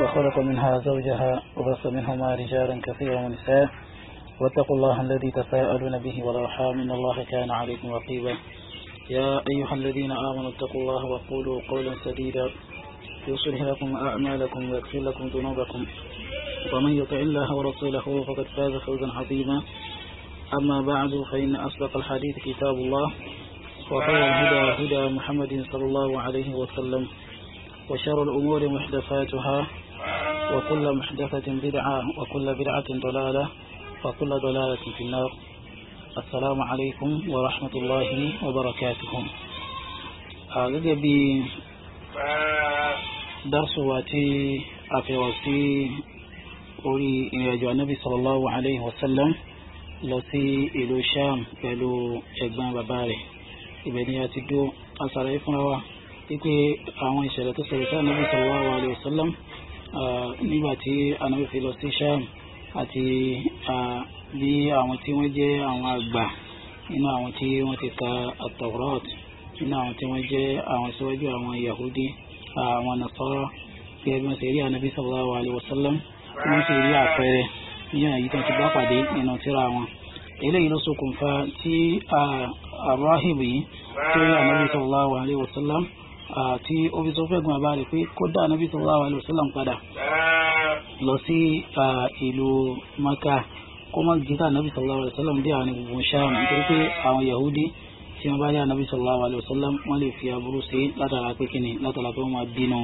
وخلق منها زوجها وبص منهما رجالا كثيرا ونساء واتقوا الله الذي تساءلون به والأرحام إن الله كان عليكم رقيبا يا أيها الذين آمنوا اتقوا الله وقولوا قولا سديدا يصلح لكم أعمالكم ويغفر لكم ذنوبكم ومن يطع الله ورسوله فقد فاز فوزا عظيما أما بعد فإن أصدق الحديث كتاب الله وخير الهدى هدى محمد صلى الله عليه وسلم وشر الأمور محدثاتها وكل محدثة بدعة وكل بدعة ضلالة وكل ضلالة في النار السلام عليكم ورحمة الله وبركاته هذا بي درس واتي أفواسي أولي إلى النبي صلى الله عليه وسلم lọ sí ìlú sham pẹ̀lú ẹ̀gbọ́n bàbá rẹ̀ ibẹ̀ ni wípé àwọn ìṣẹ̀lẹ̀ tó ṣẹlẹ̀ sáà níbi sallallahu alaihi wasallam nígbà tí anabi fi lọ sí sham àti bí àwọn tí wọ́n jẹ́ àwọn àgbà nínú àwọn tí wọ́n ti ka atawrat nínú àwọn tí wọ́n jẹ́ àwọn síwájú àwọn yahudi àwọn nasara bí ẹbí wọn ṣe rí anabi sallallahu alaihi wasallam tí wọ́n sì rí àpẹẹrẹ níyàn èyí tó ti bá pàdé nínú tírà wọn eléyìí ló ṣokùnfà tí àbúráhìb yìí tó rí anabi sallallahu alaihi wasallam tí ó fi sọ fẹ́gun àbá rẹ̀ pé kódà Ànábì sallallahu alaihi wasallam padà lọ sí ìlú Maka kó má gbé ká Ànábì sallallahu alaihi wasallam dé àwọn ìbùbùn Ṣáàmù nítorí pé àwọn Yahudi tí wọ́n bá rí Ànábì sallallahu alaihi wasallam wọ́n lè fi aburú sí látara pé kíni látara pé wọ́n máa bínú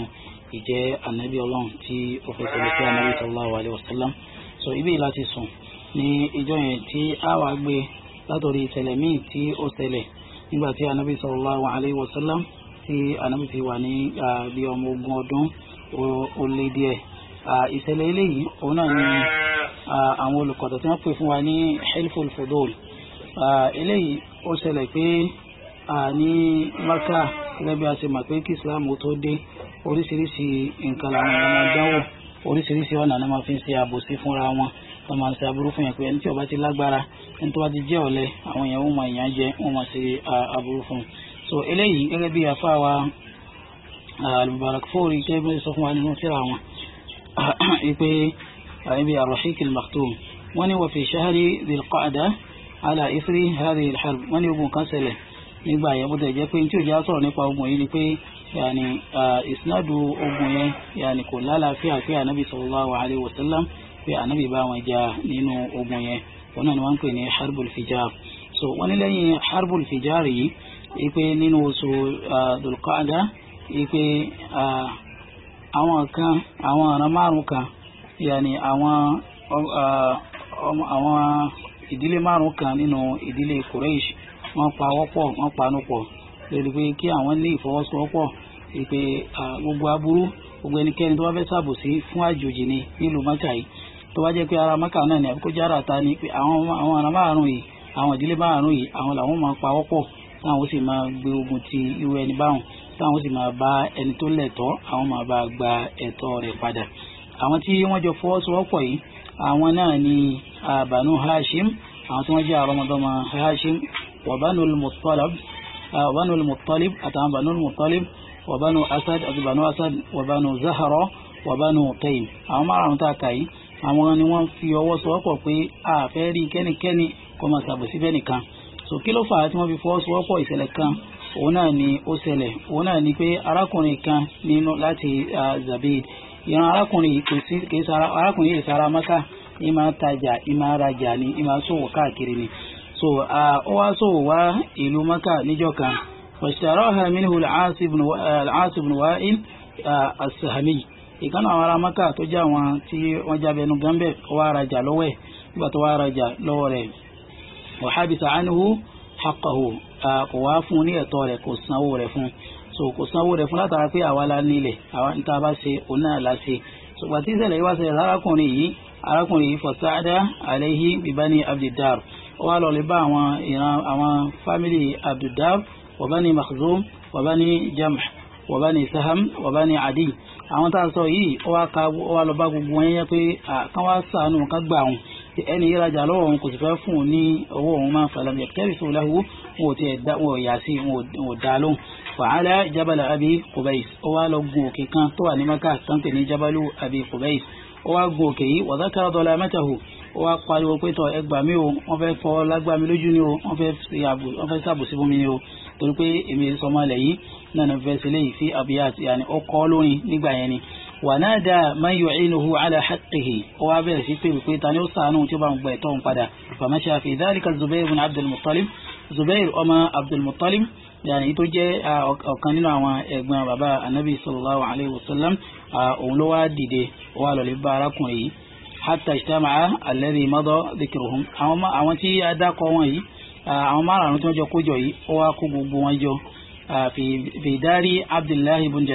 ìjẹ́ Ànábì Ọlọ́run tí ó fẹ́ sọ̀rọ̀ sí Ànábì sallallahu alaihi wasallam so ibi láti sùn ní ìjọ yẹn tí a wá gbé látòrí ìṣẹ̀lẹ̀ míì tí ó ṣẹlẹ̀ nígbà tí Ànábì sallallahu alaihi wasallam tí anabi ti wà ní bí ọmọ ogun ọdún ó lé díẹ̀ ìṣẹ̀lẹ̀ eléyìí òun náà ni àwọn olùkọ́tọ̀ tí wọ́n pè fún wa ní helpful fodol eléyìí ó ṣẹlẹ̀ pé ní maka gẹ́gẹ́ bí a ṣe mọ̀ pé kí islam tó dé oríṣiríṣi nǹkan làwọn ọmọ dánwò oríṣiríṣi ọ̀nà ni wọ́n fi ń ṣe àbòsí fúnra wọn wọ́n máa ń ṣe aburú fún yẹn pé ẹni tí ó ti lágbára ẹni tó bá ti jẹ́ ọ̀lẹ àwọn èèyàn wọn máa yàn jẹ wọn máa ṣe aburú fún un so eléyìí gẹ́gẹ́ bí afa wa al-Mubarakfuri gẹ́gẹ́ bí sọ fún wa nínú tíra wọn ipe ibi ar-Rahiq al-Makhtum wọ́n ní wa fi shahri dhil-qa'da ala ithri hadhihi al-harb wọ́n ní ogun kan ṣẹlẹ̀ nígbà yẹn bó tẹ̀ jẹ́ pé tí òjá sọ̀rọ̀ nípa ogun yìí ni pé yàní ìsinádù ogun yẹn yàní kò lálàáfíà pé ànábì sallallahu alayhi wa sallam pé ànábì bá wọn jà nínú ogun yẹn wọn náà ni wọ́n ń pè ní harbul fijar so wọ́n ní lẹ́yìn harbul fijar yìí ipe nínú oṣù dulqaada ipe àwọn kan àwọn ọ̀ràn márùn kan yàní àwọn àwọn ìdílé márùn kan nínú ìdílé Quraysh wọ́n pa wọ́pọ̀ wọ́n panu pọ̀ lórí pé kí àwọn ní ìfọwọ́sowọ́pọ̀ ipe gbogbo aburú gbogbo ẹnikẹ́ni tó bá fẹ́ ṣàbòsí fún àjòjì ni nílùú maka yìí tó bá jẹ́ pé ara maka náà ni àbíkó ta ni pé àwọn àwọn márùn yìí àwọn ìdílé márùn táwọn sì máa gbé ogun ti irú ẹni báwọn táwọn sì máa bá ẹni tó lẹ̀tọ́ àwọn máa bá gba ẹ̀tọ́ rẹ̀ padà àwọn tí wọ́n jọ fọwọ́sowọ́pọ̀ yìí àwọn náà ni Banu Hashim àwọn tí wọ́n jẹ́ àrọ́mọdọ́mọ Hashim wa Banul Muttalib wa Banul Muttalib àtàwọn Banul Muttalib wa Asad àti Banu Asad wa Banu Zahra wa Banu Taym àwọn márùn-ún tá a kà yìí àwọn ni wọ́n fi ọwọ́ sowọ́pọ̀ pé a kẹ́nikẹ́ni kó máa ṣàbòsí fẹ́nìkan so kí ló fà á tí wọ́n fi fọwọ́sowọ́pọ̀ ìṣẹ̀lẹ̀ kan òun náà ni ó ṣẹlẹ̀ òun náà ni pé arákùnrin kan nínú láti zabid ìran arákùnrin kò sí kìí sara arákùnrin yìí sara maka ìmọ̀ tajà ìmọ̀ rajà ni ìmọ̀ sòwò káàkiri ni so ó wá sòwò wá ìlú maka níjọ́ kan washtaraha minhu al-As ibn Wa'il as-Sahmi ìkànnì àwọn ará maka tó jẹ́ àwọn tí wọ́n jábẹ́nu gánbẹ́ wá rajà lọ́wọ́ ẹ̀ nígbà tó wá rajà lọ́wọ́ rẹ̀ wa habita anhu haqqahu kò wá fún ní ẹ̀tọ́ rẹ̀ kò sanwó rẹ̀ fún so kò sanwó rẹ̀ fún látara pé àwa la nílẹ̀ àwa ń tá a bá ṣe òun náà la ṣe ṣùgbọ́n tí ìṣẹ̀lẹ̀ yìí wá ṣẹlẹ̀ arákùnrin yìí arákùnrin yìí fọ̀sáàdá àlẹ́hí bíbáni abduldar ó wá lọ lè bá àwọn ìran àwọn fámìlì abduldar wàbáni makhzum wàbáni jamh wàbáni saham wàbáni adi àwọn tá a sọ yìí ó wá lọ bá gbogbo wọn yẹn pé kán wá ṣàánú kán gbà wọn ẹni ìrajà lọ́wọ́ òun kò sì fẹ́ fún un ní owó òun máa ń falẹ̀ ní ẹ̀kẹ́rì tó láhù wọn ò tiẹ̀ dá wọn ò yà sí wọn ò dá lóhùn. fàálà jabala abi kubais ó wá lọ gun òkè kan tó wà ní maka tánpẹ ní jabalu abi kubais ó wá gun òkè yìí wàdà kára dọ̀la mẹ́tàhù ó wá pariwo pé tọ ẹgbà mi o wọ́n fẹ́ fọ́ lágbá mi lójú ni o wọ́n fẹ́ sàbòsí fún mi ni o torí pé èmi sọmọ yìí náà fẹ́ sílẹ̀ yìí sí ونادى من يعينه على حقه وابل سيبي بكيتاني وصانو تبان بيتون قدا فمشى في ذلك الزبير بن عبد المطلب زبير أما عبد المطلب يعني يتوجه ọ̀kan nínú àwọn ẹ̀gbọ́n bàbá anabi sallallahu alayhi wa sallam òun ló wá dìde wà lọ́lẹ̀ bá arákùnrin yìí hatta ijtama'a alladhi mada dhikruhum àwọn tí a dákọ̀ wọn yìí àwọn márùn-ún tí wọ́n jọ kójọ yìí ó wá kó gbogbo wọn jọ fi abdullahi ibn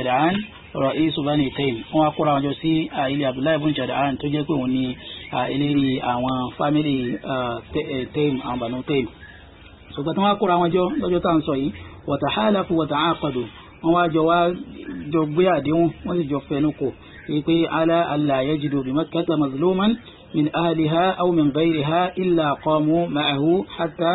ra'isu bani taym wọ́n wá kóra wọn jọ sí ilé abdullahi ibn jada'an tó jẹ́ pé òun ni eléré àwọn fámìlì eh, taym àwọn bànú taym ṣùgbọ́n tí wọ́n wá kóra wọn jọ lọ́jọ́ tá à ń sọ yìí watahalafu wata'aqadu wọ́n wá jọ wá jọ gbé àdéhùn wọ́n sì jọ fẹnu kò wípé ala alla yajidu bi makkata mazluman min ahliha aw min ghayriha illa qamu ma'ahu hatta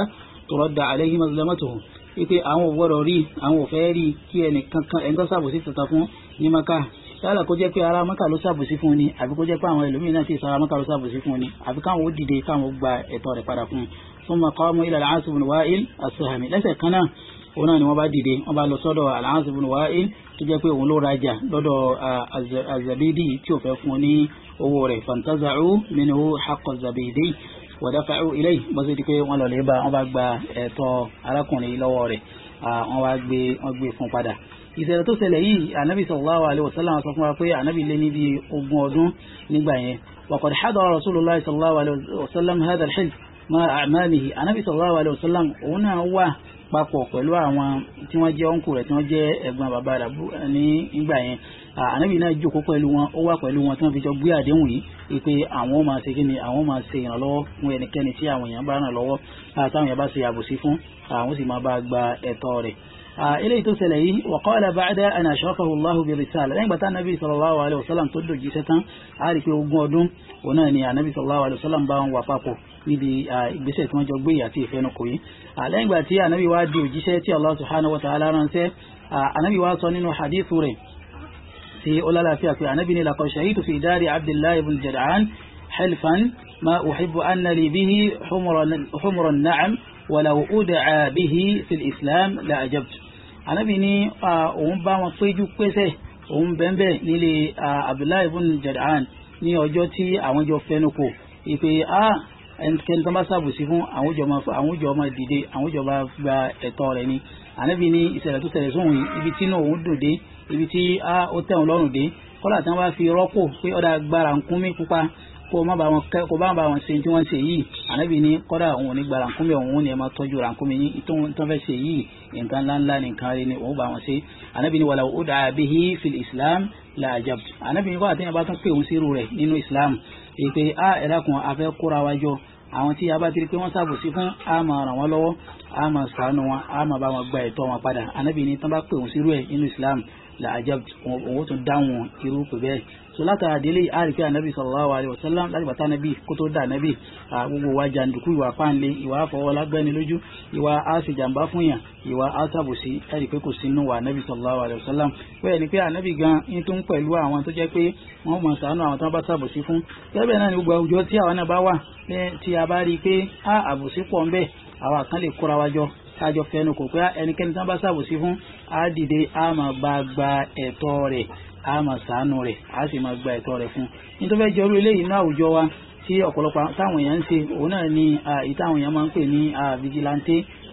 turadda alayhi mazlamatuhu wípé àwọn ò gbọ́dọ̀ rí àwọn ò fẹ́ rí kí ẹnì kankan ẹni tata fún ní maka yálà kó jẹ́ pé ará maka ló ṣàbòsí fún un ni àbí kó jẹ́ pé àwọn ẹlòmíín náà ti sọ ará maka ló ṣàbòsí fún un ni àbí káwọn ó dìde káwọn ó gba ẹ̀tọ́ rẹ̀ padà fún un summa qamu ila al-As ibn Wa'il as-Sahmi lẹ́sẹ̀ kan náà òun náà ni wọ́n bá dìde wọ́n bá lọ sọ́dọ̀ al-As ibn Wa'il tó jẹ́ pé òun ló rajà lọ́dọ̀ az tí ò fẹ́ fún un ní owó rẹ̀ fantaza'u minhu haqq zabidi wa dafa'u ilayhi pé wọ́n lọ lè bá wọ́n bá gba ẹ̀tọ́ arákùnrin lọ́wọ́ rẹ̀ wọ́n wá gbé wọ́n gbé fún padà ìṣẹ̀lẹ̀ tó ṣẹlẹ̀ yìí ànábì sallallahu alaihi wasallam sọ fún wa pé ànábì lé níbi ogún ọdún nígbà yẹn waqad hadara rasulullah sallallahu alaihi wasallam hadha al-hizb ma a'malihi ànábì sallallahu alaihi wasallam òun náà wà papọ̀ pẹ̀lú àwọn tí wọ́n jẹ́ ọ̀nkù rẹ̀ tí wọ́n jẹ́ ẹ̀gbọ́n bàbá rẹ̀ ní ìgbà yẹn ànábì náà jókòó pẹ̀lú wọn ó wà pẹ̀lú wọn tí wọ́n fi jọ gbé àdéhùn yìí ìpè àwọn ó máa ṣe àwọn ó máa ìrànlọ́wọ́ fún ẹnikẹ́ni tí àwọn èèyàn bá ràn lọ́wọ́ táwọn èèyàn bá ṣe àbòsí fún àwọn sì máa bá gba ẹ̀tọ́ rẹ̀ آه، إليه تسليه وقال بعد أن أشرفه الله بالرسالة لأن النبي صلى الله عليه وسلم تدو جيسة عارف وقودهم ونان يا نبي صلى الله عليه وسلم باهم وفاقه آه، يدي جيسة مجرد بي يأتي في نقوي لأن النبي وادو جيسة الله سبحانه وتعالى رنسي آه، النبي واصنين حديث ورين في أولا لا فيها في النبي لقد شهيت في دار عبد الله بن جرعان حلفا ما أحب أن لي به حمر النعم ولو أدعى به في الإسلام لا أجبت anabi ní òun bá wọn péjú pésẹ̀ òun bẹ́ẹ̀ nílé abdullahi ibn jadaan ní ọjọ́ tí àwọn jọ fẹnu kò ìpè a ẹnikẹ́ni tó bá ṣàbùsí fún àwọn ìjọba àwọn ìjọba dìde àwọn ìjọba gba ẹ̀tọ́ rẹ̀ ni anabi ní ìṣẹ̀lẹ̀ tó ṣẹlẹ̀ sóhun ibi tí náà òun dùn dé ibi tí ó tẹ̀wọ̀n lọ́rùn dé kọ́lá tí wọ́n bá fi rọ́pò pé ọ̀dà gbára ń kún mí pupa kó má bá wọn kẹ́ kó má bá wọn ṣe tí wọ́n ṣe yìí ànábì ní kọ́dà òun ò ní gba rànkúnmí òun ò ní ma tọ́jú rànkúnmí yín tó ń fẹ́ ṣe yìí nǹkan ńláńlá nǹkan rí ni òun bá wọn ṣe ànábì ní wàlà òdà àbíhí fil islam la ajab ànábì ní kọ́dà tí wọ́n bá tún pè òun sí irú rẹ̀ nínú islam èyí pé a afẹ́ kóra wájọ àwọn tí a bá ti rí pé wọ́n ṣàbòsí fún a máa ràn wọ́n lọ́wọ́ a máa ṣàánú wọn a máa bá wọn gba ẹ̀tọ́ wọn padà ànábì ní bá pè òun sí irú ẹ̀ nínú islam la òun tún dáhùn irú pẹ̀ bẹ́ẹ̀ so látara délé àríkẹ́ ànábì sallallahu alaihi wasallam láti bàtà ànábì kó tó dà ànábì gbogbo wa jàǹdùkú ìwà fáńlé ìwà àfọwọ́lágbẹ́ni lójú ìwà àṣejàǹbá fún yàn ìwà àṣàbòsí láti pé kò sínú wa ànábì sallallahu alaihi wasallam bẹ́ẹ̀ ni pé ànábì gan ní tó ń pẹ̀lú àwọn tó jẹ́ pé wọ́n mọ̀ sànú àwọn tó bá ṣàbòsí fún gẹ́gẹ́ náà ni gbogbo àwùjọ a bá rí i pé àbòsí pọ̀ ń bẹ àwọn àkàn lè kóra wájọ kájọ fẹnu kò pé ẹnikẹ́ni tí a máa sàánú rẹ̀ a sì máa gba ẹ̀tọ́ rẹ̀ fún un nítorí fẹ́ jọrú eléyìí ní àwùjọ wa tí ọ̀pọ̀lọpọ̀ táwọn èèyàn ń ṣe òun náà ni ìtàwọn èèyàn máa ń pè ní vigilante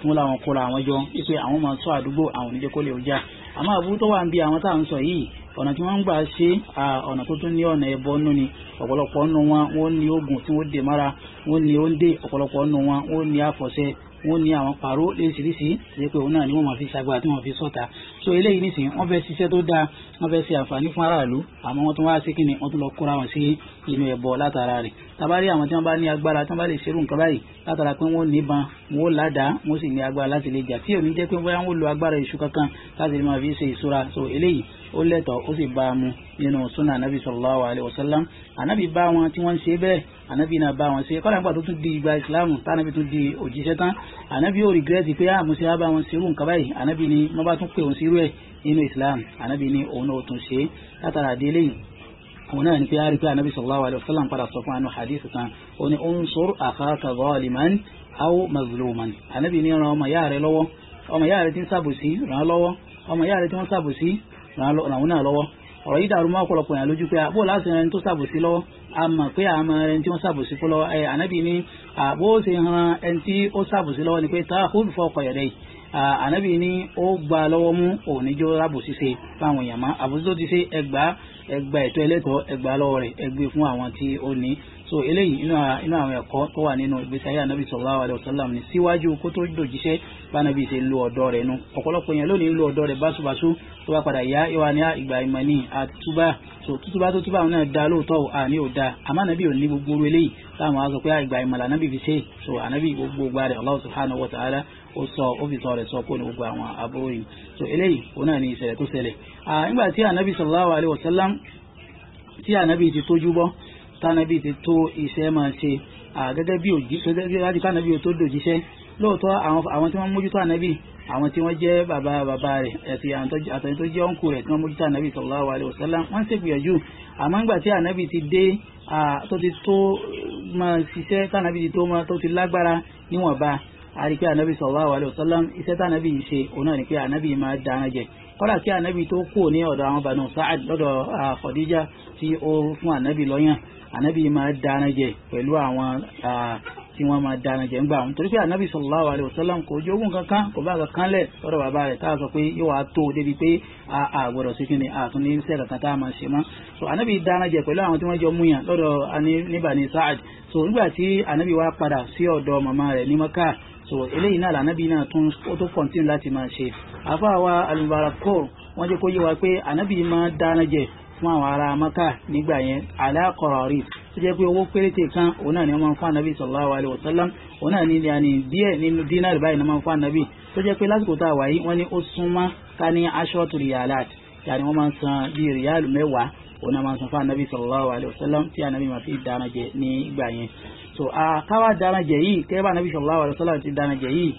tí wọ́n làwọn kóra àwọn jọ wípé àwọn máa ṣọ́ àdúgbò àwọn oníjẹ́ kó lè ọjà àmọ́ àbúrú tó wà ń bi àwọn táwọn sọ yìí ọ̀nà tí wọ́n ń gbà ṣe ọ̀nà tó tún ní ọ̀nà ẹbọ nù ni ọ̀pọ̀lọpọ̀ nù wọn wọ́n ní oògùn tí wọ́n dè mára wọ́n ní òǹdè ọ̀pọ̀lọpọ̀ nù wọn wọ́n ní àfọ̀ṣẹ wọ́n ní àwọn pàró léṣiríṣi ṣe pé òun náà ni wọ́n máa fi ṣàgbà tí wọ́n fi sọ́ta so eléyìí nísìnyí wọ́n fẹ́ ṣiṣẹ́ tó dáa wọ́n fẹ́ ṣe àǹfààní fún aráàlú àmọ́ wọ́n tún wá sí kíni wọ́n tún lọ kóra wọn sí inú ẹbọ látara rẹ̀ tabari àwọn tí wọ́n bá ní agbára tí wọ́n bá lè ṣerú nǹkan báyìí látara pé wọ́n níbọn wọ́n ládàá wọ́n sì ní agbára láti lè jà tí ò ní jẹ́ pé wọ́n wọ́n lo agbára èṣù kankan láti lè máa fi ṣe ìṣúra so eléyìí ó lẹ́tọ̀ ó sì bá a mu nínú sunna anabi sallallahu alayhi wa sallam anabi bá wọn tí wọ́n ń ṣe bẹ́ẹ̀ anabi náà bá wọn ṣe kọ́lá nígbà tó tún di ìgbà ìsìláàmù tánabi tún di òjíṣẹ́ tán anabi ò rìgírẹ́tì pé àmúṣe á bá wọn ṣerú nǹkan báyìí anabi ni wọ́n bá tún pè òun sírú ẹ̀ nínú ìsìláàmù anabi ni òun náà tún ṣe látara délé yìí òun náà ni النبي صلى الله عليه وسلم sallallahu alayhi wa sallam padà sọ fún anu hadith kan ó ní unsur akhaka zaliman aw mazluman anabi ní ran ọmọ ìyá rẹ lọ́wọ́ ọmọ ìyá rẹ ti ń ṣàbòsí ràn án lọ́wọ́ ọmọ ìyá rẹ ti ń ṣàbòsí ràn án náà lọ́wọ́ ọ̀rọ̀ yìí dàrú mọ́ ọ̀pọ̀lọpọ̀ yẹn lójú pé àbó láti ẹni tó ṣàbòsí lọ́wọ́ a mọ̀ pé àmọ́ ẹni tí wọ́n ṣàbòsí fún lọ́wọ́ ẹ ànábì ní àbó ṣe han ẹni tí ó ṣàbòsí lọ́wọ́ ni pé tá a kó fọ ọkọ̀ yẹ̀dẹ̀ yìí ànábì ní ó gba lọ́wọ́ mú òun níjó rábòsí ṣe fáwọn èèyàn mọ́ àbòsí tó ti ṣe ẹgbàá ẹ gba ẹ̀tọ́ ẹlẹ́tọ̀ọ́ ẹ gbà lọ́wọ́ rẹ̀ ẹ gbé fún àwọn tí ó ní so eléyìí inú àwọn ẹ̀kọ́ tó wà nínú ìgbésí ayé anabi sallallahu alayhi wa sallam ni síwájú kó tó dòjíṣẹ́ bánabi ṣe ń lo ọ̀dọ́ rẹ̀ nu ọ̀pọ̀lọpọ̀ yẹn lónìí ń lo ọ̀dọ́ rẹ̀ báṣubàṣu tó bá padà yá ìwà ní ìgbà ìmọ̀ ní àtúbà so tútúbà tó túbà náà da lóòótọ́ àní ò da àmọ́ anabi ò ní gbogbo eléyìí táwọn á sọ pé àgbà ìmọ̀lá anabi fi ṣe so anabi gbogbo gba rẹ̀ Allah subhanahu wa ta'ala ó sọ ó fi sọ rẹ̀ sọ kó ní gbogbo àwọn aburú yìí so eléyìí òun náà ní ìṣẹ̀lẹ̀ tó ṣẹlẹ̀ nígbà tí anabi sallallahu alayhi wa sallam tí anabi ti tójú bọ́ tánàbí ti tó iṣẹ́ máa ṣe gẹ́gẹ́ bí òjíṣẹ́ gẹ́gẹ́ láti tánàbí tó dòjíṣẹ́ lóòótọ́ àwọn tí wọ́n mójútó ànábì àwọn tí wọ́n jẹ́ bàbá bàbá rẹ̀ àti àtọ̀yìn tó jẹ́ ọ̀nkù rẹ̀ tí wọ́n mójútó ànábì sallallahu alaihi wasallam wọ́n ṣègbìyànjú àmọ́ ńgbà tí ànábì ti dé tó ti tó máa ṣiṣẹ́ tánàbì ti tó máa tó ti lágbára níwọ̀nba àríkí ànábì sallallahu alayhi wa sallam iṣẹ́ tá ànábì yìí ṣe òun náà ni pé ànábì máa dáná jẹ kọ́dà kí ànábì tó kú ní ọ̀dọ̀ àwọn bànú Sa'ad lọ́dọ̀ Khadija tí ó fún ànábì lọ́yàn ànábì máa dáná jẹ pẹ̀lú àwọn tí wọ́n máa dáná jẹ ńgbà wọn torí pé ànábì sallallahu alayhi wa sallam kò jogún kankan kò bá kankan lẹ̀ lọ́dọ̀ bàbá rẹ̀ táà sọ pé yóò wá tó débi pé a gbọ́dọ̀ sí kíni a ní iṣẹ́ kankan tá a máa ṣe mọ́ so ànábì dáná jẹ pẹ̀lú àwọn tí wọ́n jọ múyàn lọ́dọ̀ ní Bani so nígbà tí ànábì wá padà sí ọ̀dọ̀ màmá rẹ̀ ní Makkah so eléyìí náà lànàbí náà tún ó tó kọ̀ntínú láti máa ṣe àfáàwá alùbárakọ́ wọ́n jẹ́ kó yé wa pé ànábì máa dáná jẹ fún àwọn ará maka nígbà yẹn aláàkọ̀rọ̀rì tó jẹ́ pé owó péréte kan òun náà ni wọ́n máa ń fún ànábì sallallahu alaihi wasallam òun náà ni yàní díẹ̀ nínú dínárì báyìí ni wọ́n máa ń fún ànábì tó jẹ́ pé lásìkò tá a wà yìí wọ́n ní ó súnmọ́ ká ní aṣọ́ọ̀tù òun náà máa ń sọ fún anabi sallallahu alayhi wa sallam tí anabi máa fi dáná jẹ ní ìgbà yẹn so káwá dáná jẹ yìí kẹ́ anabi sallallahu alayhi wa sallam ti dáná jẹ yìí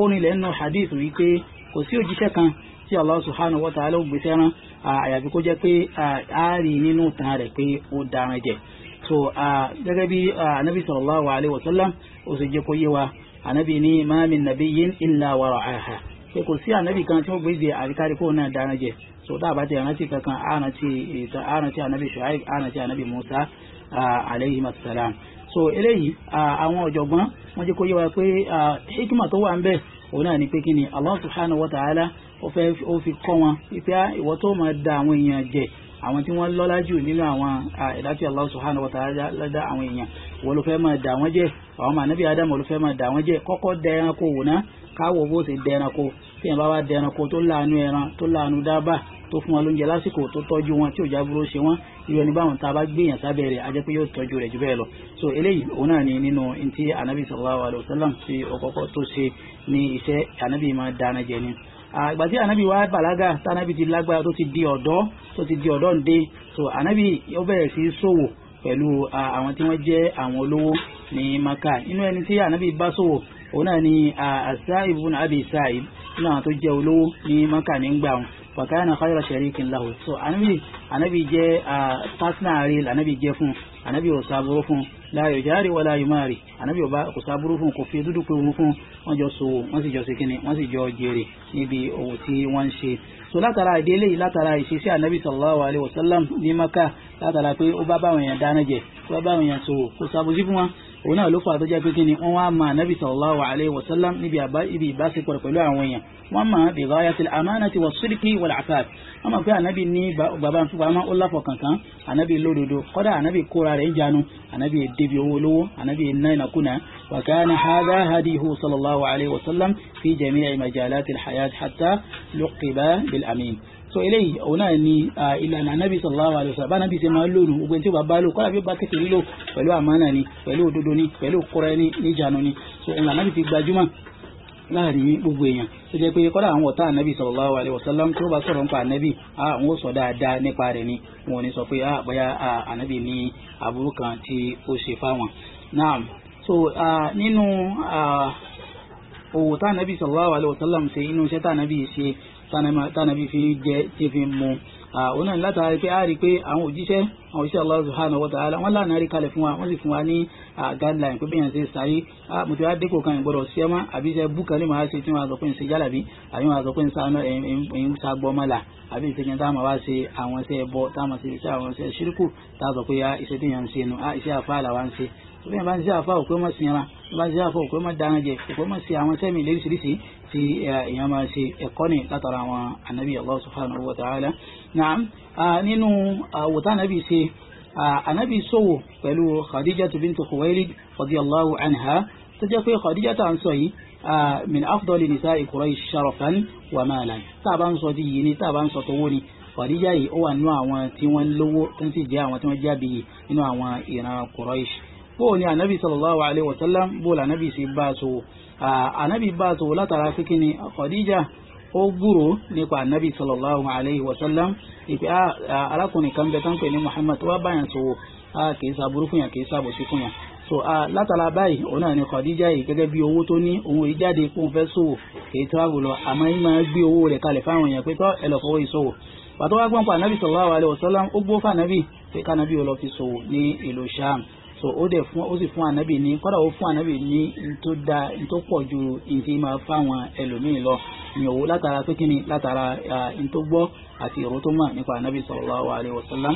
ó nílẹ̀ nínú hadith wípé kò sí òjíṣẹ́ kan tí Allah subhanahu wa ta'ala ó gbèsè rán àyàfi kó jẹ́ pé a rí nínú tàn rẹ̀ pé ó dáran jẹ so gẹ́gẹ́ bí anabi sallallahu alayhi wa sallam ó sì jẹ́ kó yé wa anabi ní ma min nabiyyin illa wara'aha pé kò sí anabi kan tí ó gbèsè àríkárí kó náà so tá eh, a bá ti rántí kankan àrántí ìta àrántí anabi shuaib àrántí anabi musa alayhi masalam so eléyìí àwọn ọ̀jọ̀gbọ́n wọ́n jẹ́ kó yé wa pé hikima tó wà ń ni pé kí allah subhanahu wa ta'ala ó fẹ́ ó fi kọ́ wọn ìpẹ́ ah, ìwọ tó máa da àwọn èèyàn jẹ àwọn tí wọ́n lọ́lá jù nínú àwọn ẹ̀dá tí Allah subhanahu wa ta'ala lọ́dá àwọn èèyàn wọ́n ló fẹ́ máa dà wọ́n jẹ́ àwọn mànàbí Adam wọ́n ló fẹ́ máa dà wọ́n jẹ́ kọ́kọ́ dẹ ẹranko wò ná káwọ́ bó ṣe dẹ ẹranko tí yẹn bá wá dẹ ẹranko tó láàánú ẹran tó láàánú dábàá tó fún wọn lóúnjẹ lásìkò tó tọ́jú wọn tí ò jábúrò ṣe wọn irú ẹni báwọn tá a bá gbìyàn sábẹ́ rẹ̀ ajẹ́ pé yóò tọ́jú rẹ̀ jù bẹ́ẹ̀ lọ. so eléyìí òun náà ni nínú ntí anabi sallallahu alayhi wa sallam ti ọkọ̀ọ̀kọ̀ tó ṣe ní iṣẹ́ anabi máa dáná jẹ ni. Ah, ìgbà tí anabi wa bàlágà tí anabi ti lágbára tó ti di ọ̀dọ́ tó ti di ọ̀dọ́ ǹde so anabi ó bẹ̀rẹ̀ sí ṣòwò pẹ̀lú ah, àwọn tí wọ́n jẹ́ àwọn olówó ní maka inú ẹni tí anabi bá ṣòwò òun náà ni asaib ah, ibn abi saib nínú àwọn tó jẹ́ olówó ní maka nígbà wọn bàkàrà náà khayra sharikin lahu so anabi anabi jẹ́ partner real anabi jẹ́ fún un Anabi ò sábúrú fún láàyò járe wà láàyò máa rè ànábì ò bá kò sábúrú fún kò fi dúdú pé òun fún wọn jọ ṣòwò wọn sì jọ ṣe kíni wọn sì jọ jèrè níbi òwò tí wọn ń ṣe so látara ìdílé yìí látara ìṣesí ànábì sallallahu alayhi wa sallam ní maka látara pé ó bá báwọn èèyàn dáná jẹ ó bá báwọn èèyàn ṣòwò kò sábúrú fún wọn òun náà ló fà tó jẹ́ pé kí ni wọ́n wá máa nábì sallallahu alayhi wa sallam níbi àbá ibi ìbáṣepọ̀ pẹ̀lú àwọn èèyàn wọ́n máa bi ghayatil amanati wa sidqi wal afaf wọ́n máa pé ànábì ní bàbá fúnpa máa ó láfọ̀ kankan ànábì lódodo kọ́dà ànábì kóra rẹ̀ ń jánu ànábì débi owó lówó ànábì iná ìnàkúnà wa kana hadha hadihu sallallahu alayhi wa sallam fi jami'i majalatil hayat hatta luqiba bil amin so eléyìí òun náà ni ìlànà anábì sallallahu alaihi wasallam anábì ṣe máa ń lò nù gbogbo tí ó bá bá lò kọ́lá bí ó bá kékeré lílò pẹ̀lú àmánà ni pẹ̀lú òdodo ni pẹ̀lú kọ́ra ẹni níjànú ni so ìlànà anábì ti gbajúmọ̀ láàrin gbogbo èèyàn tó jẹ́ pé kọ́lá àwọn ọ̀tá ànábì sallallahu alaihi wasallam tó bá sọ̀rọ̀ nípa ànábì àwọn ò sọ dáadáa nípa rẹ̀ ni wọn ò ní sọ pé bóyá ànábì ní aburú kan tí ó ṣe fáwọn. nínú òwò tá ànábì sallallahu alaihi wasallam ṣe inú iṣẹ́ tá ànábì ṣe tánàbí fi jẹ tí fi mu òun náà látara pé a rí i pé àwọn òjíṣẹ́ àwọn òjíṣẹ́ Allah subhanahu wa ta'ala wọ́n lànà rí kalẹ̀ fún wa wọ́n sì fún wa ní guideline pé bẹ́ẹ̀ ṣe sáré mo ti wá dépò kan ìgbọ́dọ̀ sí ẹ mọ́ àbí ṣe búkan ní màá ṣe tí wọ́n á sọ pé ń ṣe jálàbí àbí wọ́n á sọ pé ń sa gbọ́mọ́là àbí ìṣègùn táwọn máa wá ṣe àwọn ṣe iṣẹ́ àwọn iṣẹ́ ṣírkù ṣe iṣẹ́ àfáàlà ṣe sórí ẹ̀ bá ń ṣe àfa òkú ọmọ sinra bá ń ṣe àfa òkú ọmọ dáná jẹ òkú ọmọ sí àwọn sẹ́mi lóríṣiríṣi tí èèyàn máa ṣe ẹ̀kọ́ ní látara àwọn anabi allah subhanahu wa ta'ala naam nínú àwòtá anabi ṣe anabi ṣòwò pẹ̀lú khadijatu bintu khuwailid radiyallahu anha tó jẹ́ pé khadijatu à ń sọ yìí min afdoli nisa'i quraish sharafan wa malan tá a bá ń sọ ti yìí ni tá a bá ń sọ tówó ni Khadija yìí ó wà nínú àwọn tí wọ́n lówó tó ń sì jẹ́ àwọn tí wọ́n jábìyì nínú àwọn ìran Quraysh bóò ni ànábì sallallahu alayhi wa sallam bóò lànábì sì bá a sòwò ànábì bá a sòwò látara pé kí ni Khadija ó gbúrò nípa ànábì sallallahu alayhi wa sallam ìpè arákùnrin kan bẹ tán pè ní Muhammad wá báyàn sòwò kì í sàbúrú fún yàn kì í sàbòsí fún yàn so látara báyìí òun náà ni Khadija yìí gẹ́gẹ́ bí owó tó ní òun yìí jáde kó fẹ́ sòwò kì í tíwáàbù lọ àmọ́ yìí máa gbé owó rẹ̀ kalẹ̀ fáwọn èèyàn pé tọ́ ẹ lọ fọwọ́ ìṣòwò pàtó wá gbọ́n pa ànábì sallallahu alayhi wa sallam ó gbó fànábì pé kánábì ó lọ fi sòwò ní ìlú Sham so ó dẹ̀ fún ó sì fún ànábì ní kọ́dà ó fún ànábì ní tó da tó pọ̀ ju ntí máa fáwọn ẹlòmíì lọ ní owó látara pé kíni látara ntó gbọ́ àti èrò tó mọ̀ nípa ànábì sallallahu alaihi wasallam.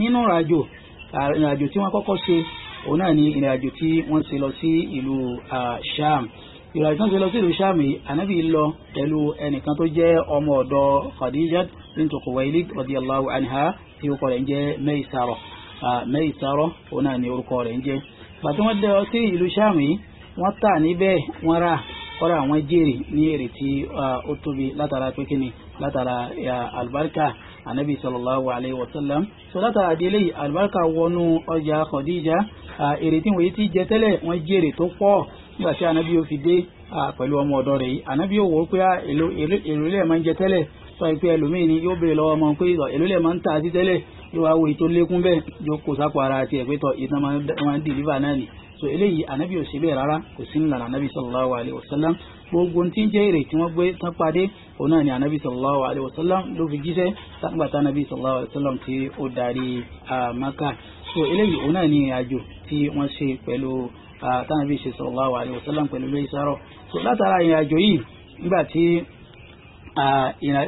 nínú ìrìnàjò ìrìnàjò tí wọ́n kọ́kọ́ ṣe òun náà ni ìrìnàjò tí wọ́n ṣe lọ sí ìlú Sham ìrìnàjò tí wọ́n ṣe lọ sí ìlú Sham yìí ànábì lọ pẹ̀lú ẹnìkan tó jẹ́ ọmọ ọ̀dọ̀ Khadija bintu Khuwaylid radiyallahu anha tí ó kọ̀ rẹ̀ mẹ́ìsàrọ́ òun náà ni orúkọ rẹ̀ ń jẹ́ bàtí wọ́n dẹ́ ọ sí ìlú sàmì wọ́n tà níbẹ̀ wọ́n rà kọ́ra àwọn jèrè ní èrè tí ó tóbi látara pé látara albarka anabi sallallahu alayhi wa sallam so látara délé albarka wọnú ọjà Khadija èrè tí wọ́n yìí ti jẹ tẹ́lẹ̀ wọ́n jèrè tó pọ̀ nígbà tí anabi yóò fi dé pẹ̀lú ọmọ ọ̀dọ́ rẹ̀ yìí anabi yóò wò ó pé èrè lẹ́ẹ̀ máa ń jẹ tẹ́lẹ̀ sọ pé ẹlòmíì ni yóò béèrè lọ́wọ́ ọmọ pé èrè lẹ́ẹ̀ máa ń ta àti tẹ́lẹ̀ yóò wá wo ètò lékún bẹ́ẹ̀ yóò kó sápò ara àti ẹ̀pẹ́ tọ̀ ìtàn máa ń dìlífà náà ni so eléyìí ànábì ò ṣe bẹ́ẹ̀ rárá kò sí nílànà ànábì sallallahu alayhi wa sallam gbogbo tí ń jẹ́ èrè tí wọ́n gbé tán pàdé òun náà ni ànábì sallallahu alayhi wa sallam ló fi jíṣẹ́ nígbà tá ànábì sallallahu alayhi wa sallam tí ó darí Mákà so eléyìí òun náà ni àjò tí wọ́n ṣe pẹ̀lú tánàbí ṣe sallallahu alayhi wa sallam pẹ̀lú ilé ìsárọ̀ so látara ìrìn yìí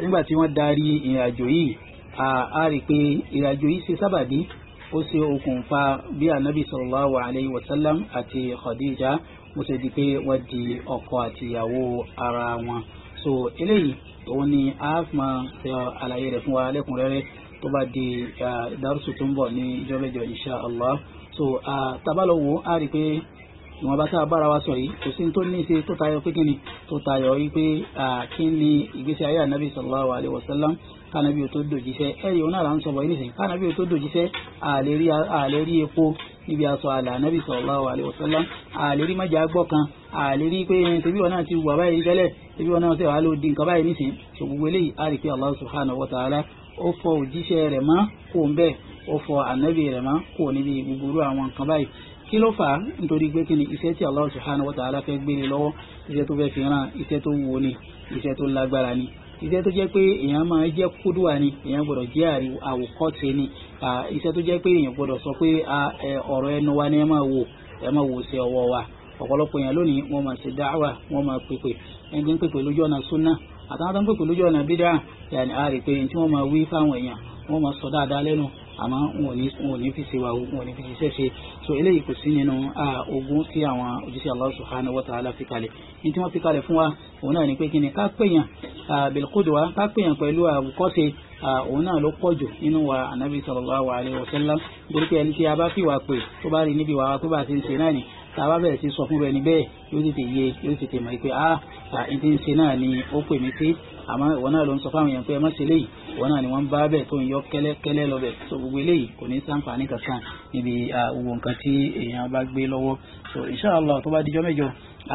nígbà tí wọ́n darí ìrìn yìí a rí i pé ìrìnàjò yìí ṣe sábàbí ó ṣe okùnfà bí anabi sallallahu alayhi wa sallam àti khadija mo ṣe di pé wọ́n di ọkọ àti ìyàwó ara wọn so eléyìí òun ni a máa ṣe àlàyé rẹ̀ fún wa lẹ́kùnrẹ́rẹ́ tó bá di dárúsù tó ń bọ̀ ní ìjọ́mẹ́jọ insha so tabalowo a rí i pé ìwọ̀n bá sáà bára wa sọ yìí kò sí tó ní ṣe tó tayọ pé kíni tó tayọ yìí pé kí ni ìgbésí ayé anabi sallallahu alayhi wa sallam kánábí o tó dòjíṣẹ́ ẹ̀rí òun náà là ń sọ bọ̀ yìí nìsín kánábí o tó dòjíṣẹ́ àlè rí epo níbi aṣọ àlà ànábì sallallahu alaihi wasallam àlè rí májà gbọ́ kan àlè rí pé ṣebí wọn náà ti wà báyìí tẹ́lẹ̀ ṣebí wọn náà ṣe wàá lò di nǹkan báyìí nìsín ṣògbogbo eléyìí á rí pé Allah subhanahu wa ta'ala ó fọ òjíṣẹ́ rẹ̀ mọ́ kó ń bẹ́ẹ̀ ó fọ ànábì rẹ̀ mọ́ kó níbi gbogbo àwọn nǹkan báyìí kí ló fà á nítorí pé kí ni iṣẹ́ tí Allah subhanahu wa ta'ala fẹ́ gbére lọ́wọ́ iṣẹ́ tó fẹ́ fi ràn iṣẹ́ tó wúwo ni iṣẹ́ tó lágbára ni iṣẹ́ tó jẹ́ pé èèyàn máa jẹ́ kúdùwà ni èèyàn gbọ́dọ̀ jẹ́ àwòkọ́ṣe ni iṣẹ́ tó jẹ́ pé èèyàn gbọ́dọ̀ sọ pé ọ̀rọ̀ ẹnu wa ni ẹ máa wò ẹ máa wò sí ọwọ́ wa ọ̀pọ̀lọpọ̀ èèyàn lónìí wọ́n máa ṣe dáwà wọ́n máa pèpè ẹni tó ń pèpè lójú ọ̀nà súnà àtàwọn tó ń pèpè lójú ọ̀nà bídà yàní rè pé tí wọ́n máa wí fáwọn èèyàn wọ́n máa sọ dáadáa lẹ́nu àmọ́ wọn ò ní fi ṣe wa wọn ò ní fi ṣiṣẹ́ ṣe so eléyìí kò sí nínú ogun tí àwọn òjíṣẹ́ Allah subhanahu wa ta'ala fi kalẹ̀ ní tí wọ́n fi kalẹ̀ fún wa òun náà ni pé kí ni ká pèèyàn bilqudwa ká pèèyàn pẹ̀lú àwòkọ́ṣe òun náà ló pọ̀jù nínú wa anabi sallallahu wa wa sallam nítorí pé ẹni tí a bá fi wà pé tó bá rí níbi wàá pé bá ti ń ṣe náà ni tá a bá bẹ̀rẹ̀ sí sọ fún ẹni bẹ́ẹ̀ yóò tètè yé yóò tètè mọ̀ pé ah ẹni tí ń ṣe náà ni ó pè mí sí àmọ́ wọn náà ló ń sọ fáwọn èèyàn pé ẹ má ṣe léyìí wọn náà ni wọ́n bá bẹ̀ tó ń yọ kẹ́lẹ́kẹ́lẹ́ lọ bẹ̀ so gbogbo eléyìí kò ní sáǹfààní kankan níbi gbogbo nǹkan tí èèyàn bá gbé lọ́wọ́ so inshallah tó bá dijọ́ mẹ́jọ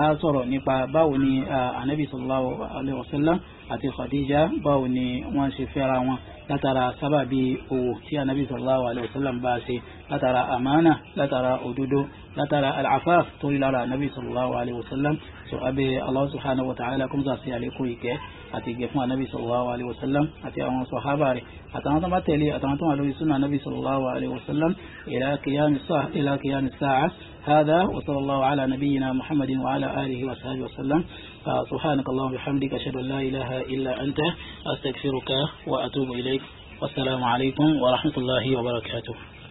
a sọ̀rọ̀ nípa báwo ni anabi sallallahu alayhi wa sallam àti khadija báwo ni wọ́n ṣe fẹ́ra wọn látara sábàbí owó tí anabi sallallahu alayhi wa sallam bá ṣe látara amánà látara òdodo látara al'afaf tó lára anabi sallallahu alayhi wa sallam so abe allah subhanahu wa ta'ala kúmza sí àlékún ìkẹ́ àti ìgbẹ́ fún anabi sallallahu alayhi wa sallam àti àwọn sọ̀hábà rẹ̀ àtàwọn tó bá tẹ̀lé àtàwọn tó wà lórí sunna anabi sallallahu alayhi wa sallam ila qiyam هذا وصلى الله على نبينا محمد وعلى آله وصحبه وسلم سبحانك اللهم وبحمدك أشهد أن لا إله إلا أنت أستغفرك وأتوب إليك والسلام عليكم ورحمة الله وبركاته